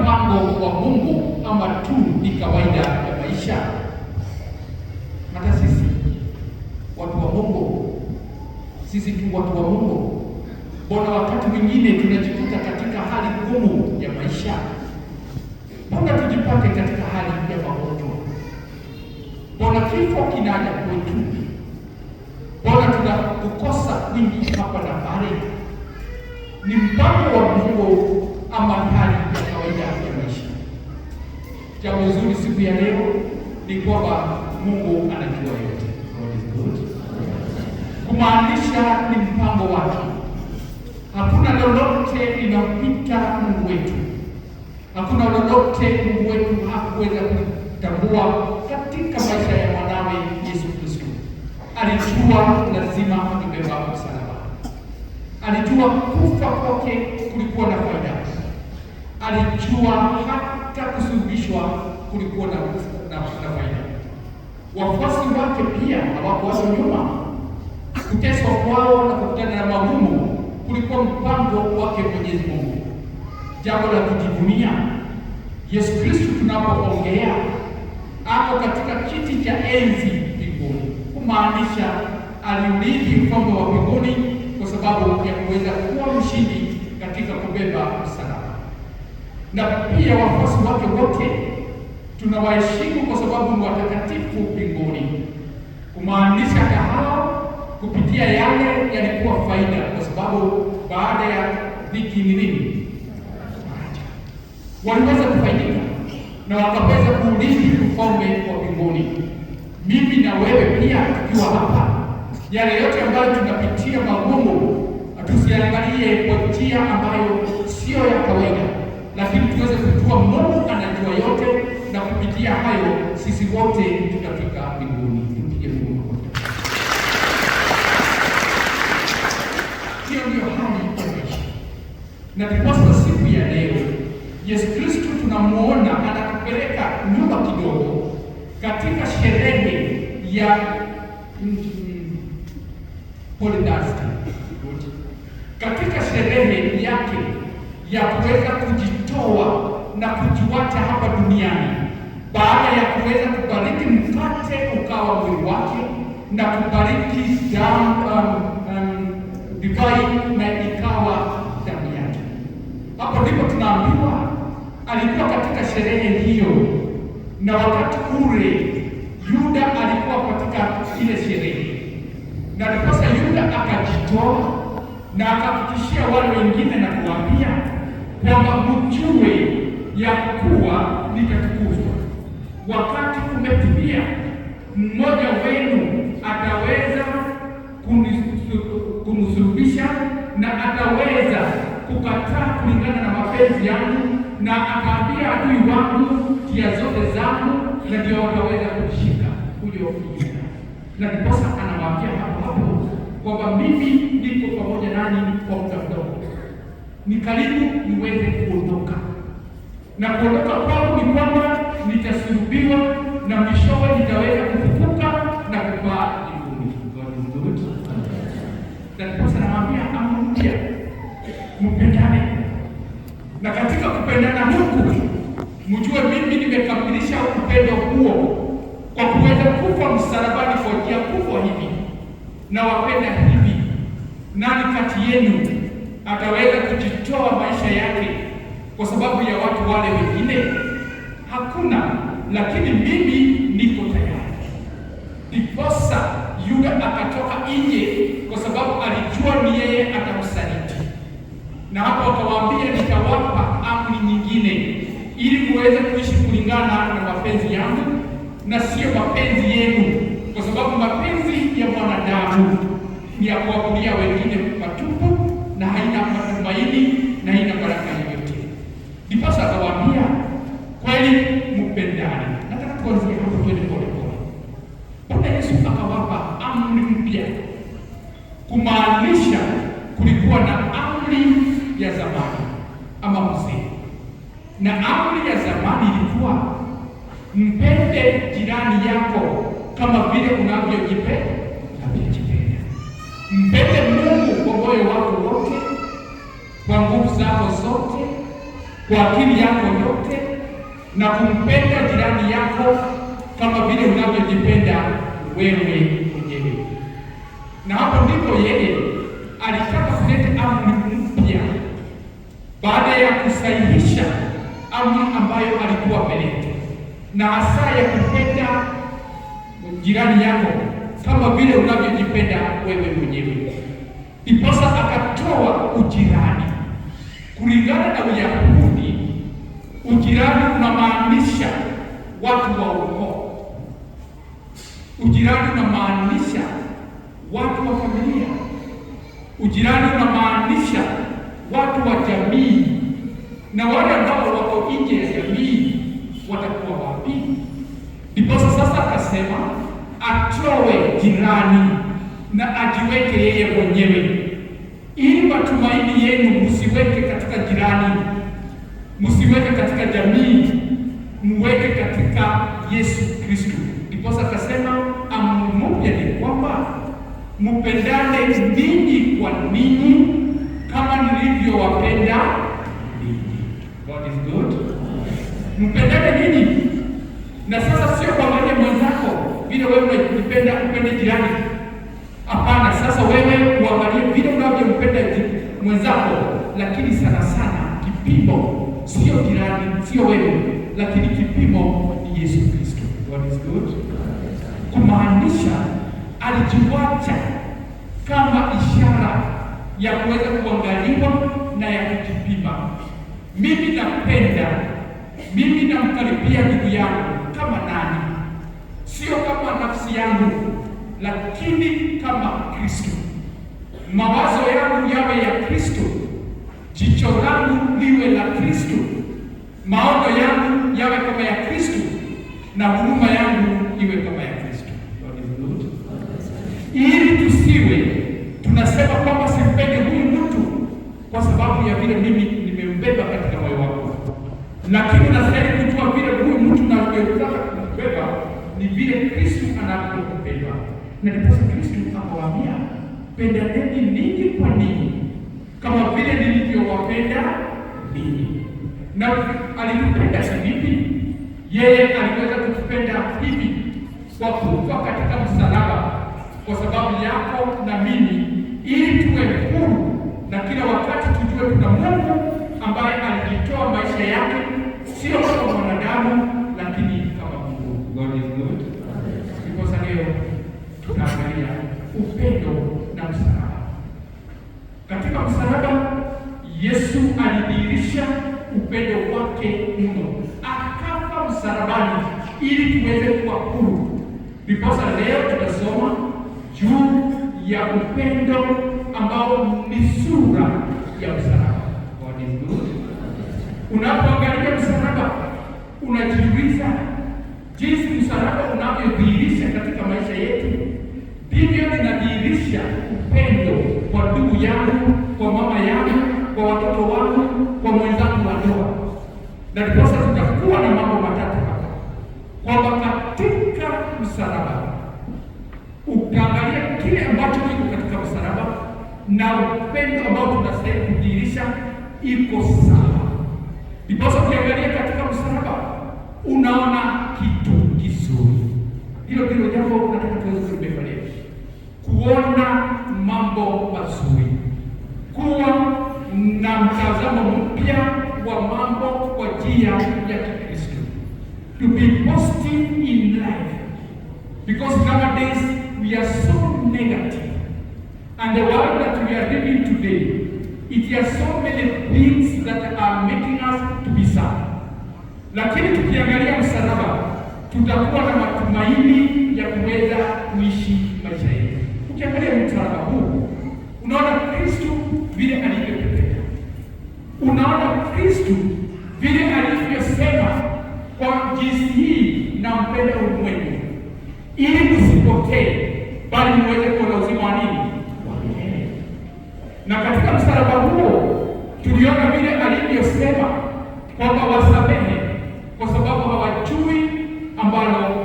mpango wa Mungu ama tu ni kawaida ya maisha. Hata sisi watu wa Mungu, sisi tu watu wa Mungu, mbona wakati mwingine tunajikuta katika hali ngumu ya maisha? Mbona tujipate katika hali ya magonjwa? Mbona kifo kinaja kwetu? Mbona tunakukosa wingi hapa na pale? Ni mpango wa Mungu ama hali ya kawaida ya maisha. Jambo zuri siku ya leo ni kwamba Mungu anajua yote, kumaanisha ni mpango wake. Hakuna lolote linapita Mungu wetu, hakuna lolote Mungu wetu hakuweza kutambua katika maisha ya mwanawe Yesu Kristo. Alijua lazima kubeba msalaba, alijua kufa kwake kulikuwa na faida alijua hata kusulubishwa kulikuwa na na faida. Wafuasi wake pia hawakuachwa nyuma. Kuteswa kwao na kukutana na magumu kulikuwa mpango wake Mwenyezi Mungu, jambo la kujivunia. Yesu Kristo tunapoongea ako katika kiti cha enzi mbinguni, kumaanisha aliurithi ufalme wa mbinguni kwa sababu ya kuweza kuwa mshindi katika kubeba msalaba na pia wafuasi wake wote tunawaheshimu kwa sababu ni watakatifu mbinguni. Kumaanisha hao kupitia yale yalikuwa faida, kwa sababu baada ya dhiki ni nini? Waliweza kufaidika na wakaweza kuulizi ufalme wa mbinguni. Mimi na wewe pia tukiwa hapa, yale yote ambayo tunapitia magumu, hatusiangalie kwa njia ambayo siyo ya kawaida lakini tuweze kujua Mungu anajua yote, na kupitia hayo sisi wote tutafika mbinguni. Tupige Mungu. Hiyo ndiyo hali ya maisha, na ndiposa siku ya leo Yesu Kristo tunamuona anatupeleka nyuma kidogo katika sherehe ya Polidasti katika sherehe yake ya kuweza kujitoa na kujiwacha hapa duniani, baada ya kuweza kubariki mkate ukawa mwili wake na kubariki damu um, um, divai na ikawa damu yake. Hapo ndipo tunaambiwa alikuwa katika sherehe hiyo, na wakati ule Yuda alikuwa katika ile sherehe, na ndiposa Yuda akajitoa na akafikishia wale wengine na kuambia kwamba mjue ya kuwa nitatukuzwa. Wakati umetimia, mmoja wenu ataweza kunisulubisha na ataweza kukataa kulingana na mapenzi yangu, na akaambia adui wangu tia zote zangu, na ndio wakaweza kushika huyo kijana, na ndiposa anawaambia hapo hapo kwamba mimi niko pamoja nani kwa muda mdogo, ni karibu niweze kuondoka na kuondoka kwangu ni kwamba nitasulubiwa na mwishowe nitaweza kufufuka na kupaa mbinguni. Ndiposa nawaambia amri mpya, mpendane, na katika kupendana huku mjue mimi nimekamilisha upendo huo kwa kuweza kufa msalabani kwa njia kubwa hivi. Na wapenda hivi, nani kati yenu ataweza kujitoa maisha yake kwa sababu ya watu wale wengine? Hakuna. Lakini mimi niko tayari. Ndiposa Yuda akatoka nje, kwa sababu alijua ni yeye atamsaliti. Na hapo akawaambia, nitawapa amri nyingine, ili muweze kuishi kulingana na mapenzi yangu na sio mapenzi yenu, kwa sababu mapenzi ya mwanadamu ni ya kuabudia wengine matupu na haina mpya, kumaanisha kulikuwa na amri ya zamani ama mzee, na amri ya zamani ilikuwa mpende jirani yako kama vile unavyojipenda. Mpende Mungu kwa moyo wako wote, kwa nguvu zako zote, kwa akili yako yote, na kumpenda jirani yako kama vile unavyojipenda wewe na hapo ndipo yeye alitaka kuleta amri mpya baada ya kusahihisha amri ambayo alikuwa ameleta, na hasa ya kupenda jirani yako kama vile unavyojipenda wewe mwenyewe. iposa akatoa ujirani kulingana na Uyahudi. Ujirani unamaanisha watu wa ukoo, ujirani unamaanisha watu wa familia. Ujirani unamaanisha watu wa jamii, na wale ambao wako nje ya jamii watakuwa wapi? Ndipo sasa akasema atoe jirani na ajiweke yeye mwenyewe, ili matumaini yenu msiweke katika jirani, msiweke katika jamii, muweke katika Yesu Kristo. Ndipo akasema mpendane ninyi kwa ninyi kama nilivyowapenda ninyi. God is good. Mpendane ninyi, na sasa sio kuangalia mwenzako vile wewe unajipenda, upende jirani. Hapana, sasa wewe uangalie vile unavyompenda mwenzako, lakini sana sana kipimo sio jirani, sio wewe, lakini kipimo ni Yesu Kristo. God is good, kumaanisha alijiwacha kama ishara ya kuweza kuangaliwa na ya kujipima. Mimi napenda, mimi namkaribia ndugu yangu kama nani? Sio kama nafsi yangu, lakini kama Kristo. Mawazo yangu yawe ya Kristo, jicho langu liwe la Kristo, maono yangu yawe kama ya Kristo na huruma yangu na ndiposa Kristo akawaambia pendaneni ninyi kwa ninyi kama vile nilivyowapenda ninyi. Na alitupenda vipi? Yeye aliweza kutupenda hivi kwa kufa katika msalaba kwa sababu yako na mimi, ili tuwe huru na kila wakati tujue kuna Mungu ambaye alijitoa maisha yake, sio kama mwanadamu kuthibitisha upendo wake mno, akafa msalabani ili tuweze kuwa huru. Ndiposa leo tunasoma juu ya upendo ambao ni sura ya msalaba. Unapoangalia msalaba, unajiuliza jinsi msalaba unavyodhihirisha katika maisha yetu, ndivyo inadhihirisha upendo kwa ndugu yangu, kwa mama yangu, kwa watoto wangu kwa mwenzangu wa ndoa, na ndiposa tutakuwa na mambo matatu hapa, kwamba katika msalaba ukaangalia kile ambacho kiko katika msalaba na upendo ambao tunastahili kudhihirisha iko sawa. Ndiposa ukiangalia katika msalaba unaona kitu kizuri. Hilo ndilo jambo nataka tuweze kuliangalia, kuona mambo mazuri, kuwa na mtazamo upya wa mambo kwa njia ya Kikristo, to be positive in life because nowadays we are so negative and the world that we are living today it has so many things that are making us to be sad, lakini tukiangalia msalaba tutakuwa na matumaini ya kuweza kuishi maisha yetu. Ukiangalia msalaba huu unaona Kristo vile Unaona Kristu vile alivyosema kwa jinsi hii, nampenda ulimwengu ili msipotee, bali muweze kuona uzima wa nini? Na katika msalaba huo tuliona vile alivyosema kwamba wasamehe, kwa sababu hawajui ambalo